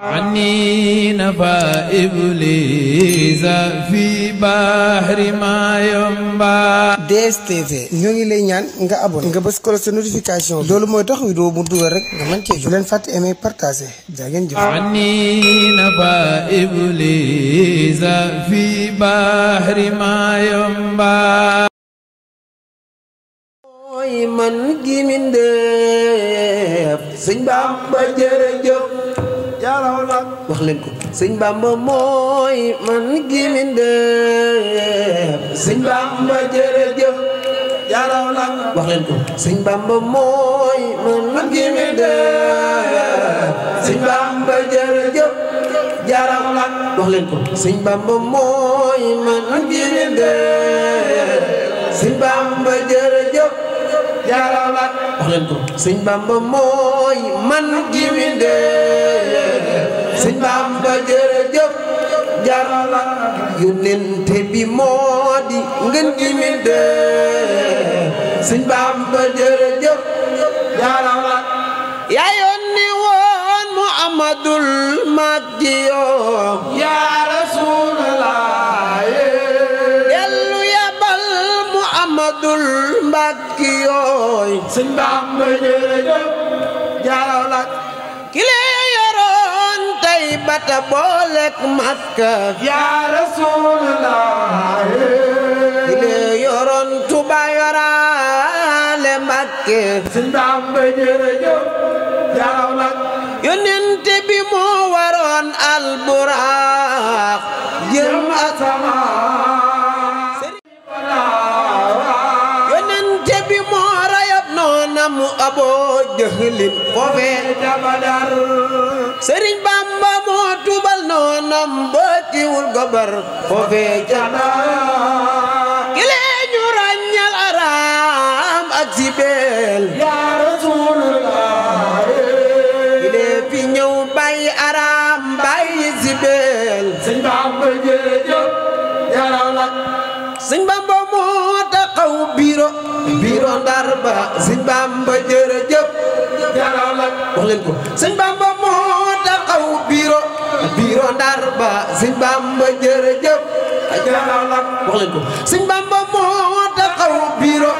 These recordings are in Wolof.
Ani nafa ibliza fi bahri ma yomba DSTV ñu ngi lay ñaan nga abonné nga bëss ko sa notification do lu moy tax wi do bu dugg rek nga man fat aimer partager ja ngeen jël Ani nafa ibliza fi bahri ma yomba Oy man gi min de seen wax leen ko sëñ bamba mooy man gimin de sëñ bamba jërëjëf yaaraw nag ko sëñ mooy man gimin de sëñ bamba jaarama wax leen ko sëñ bamba mooy man jiwinde sëñ bamba jërëjëf jaarama yónnente bi moo di ngeen jiwinde sëñ bamba jërëjëf jaarama yaa yónni woon muhammadul magdiyo yaa rasulallah dellu yabal muhammadul magdiyo mi sëñ Bamba jërëjëf jaaraw lak ki lee boolek Makka yaa Rasulallah ki lee Tuba yoraale Mbakke sëñ Bamba jërëjëf jaaraw lak yonent bi moo waroon alburaax jëm asamaan leen foofee dafa sëriñ Bamba moo tubal noonam ba tiwul gobar foofee janaa kile ñu araam ak sibeel yaa rasuulullah kile fi ñëw bàyyi araam bàyyi sibeel sëñ Bamba jërëjëf jaraw la Bamba moo taxaw biro biro ndar ba sëñ Bamba jërëjëf leen moo taxaw biro biro ndar ba sëñ Bamba moo taxaw biro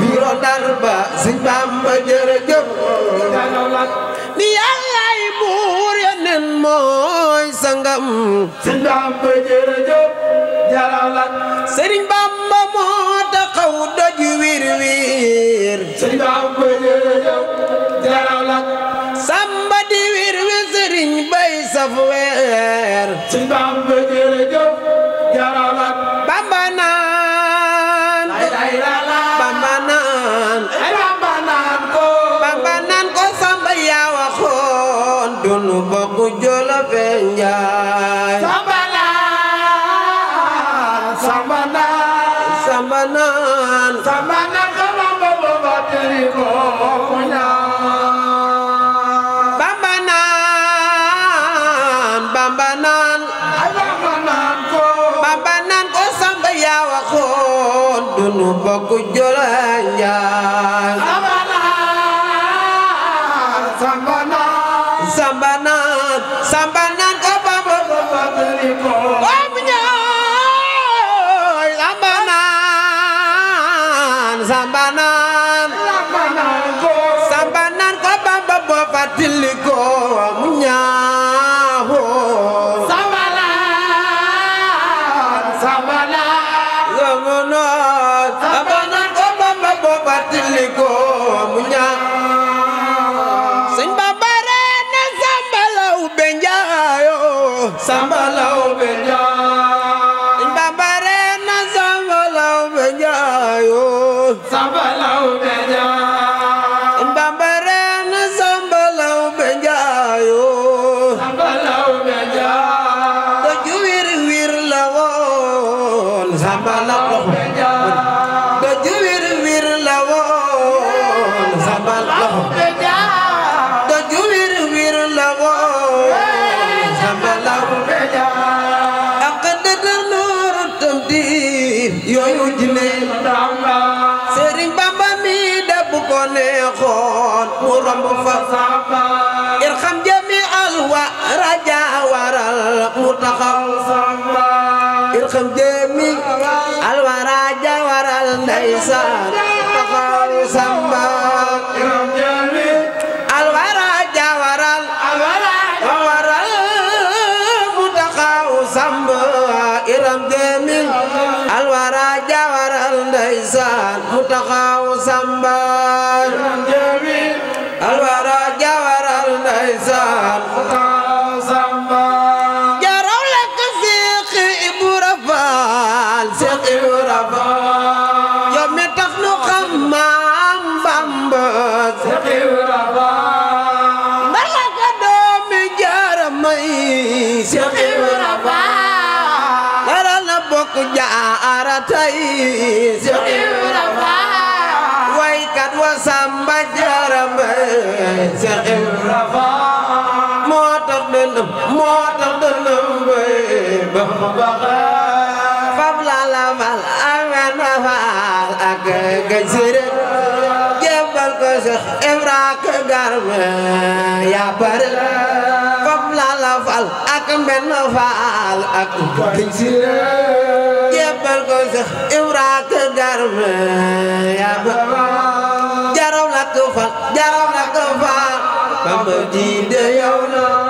biro ndar ba sëñ Bamba jërëjëf jalalat ni yàllaay mooy sangam sëñ Bamba jërëjëf jalalat sëñ Bamba jërëjëf jaralat Bamba naan ko lay lala Bamba naan ay Bamba naan ko Bamba naan ko Samba yaa waxoon dunu bokk jolof njaay Samba naan Samba naan Samba naan Samba naan nu bokk Joola Njaay samba Samba la loxo desire Mbay waykat wa Samba Jaara Mbay Seex Ibra Faal moo tax dënnam moo tax dënnam Mbay ba baxal fab la la fal amen na faal ak gëj sëre jébbal ko Seex Ibra ka garme yaa pare fab la la fal ak mbenn faal ak gëj sëre jaraw lakk faal jaraw lakk faal bamba diine yow la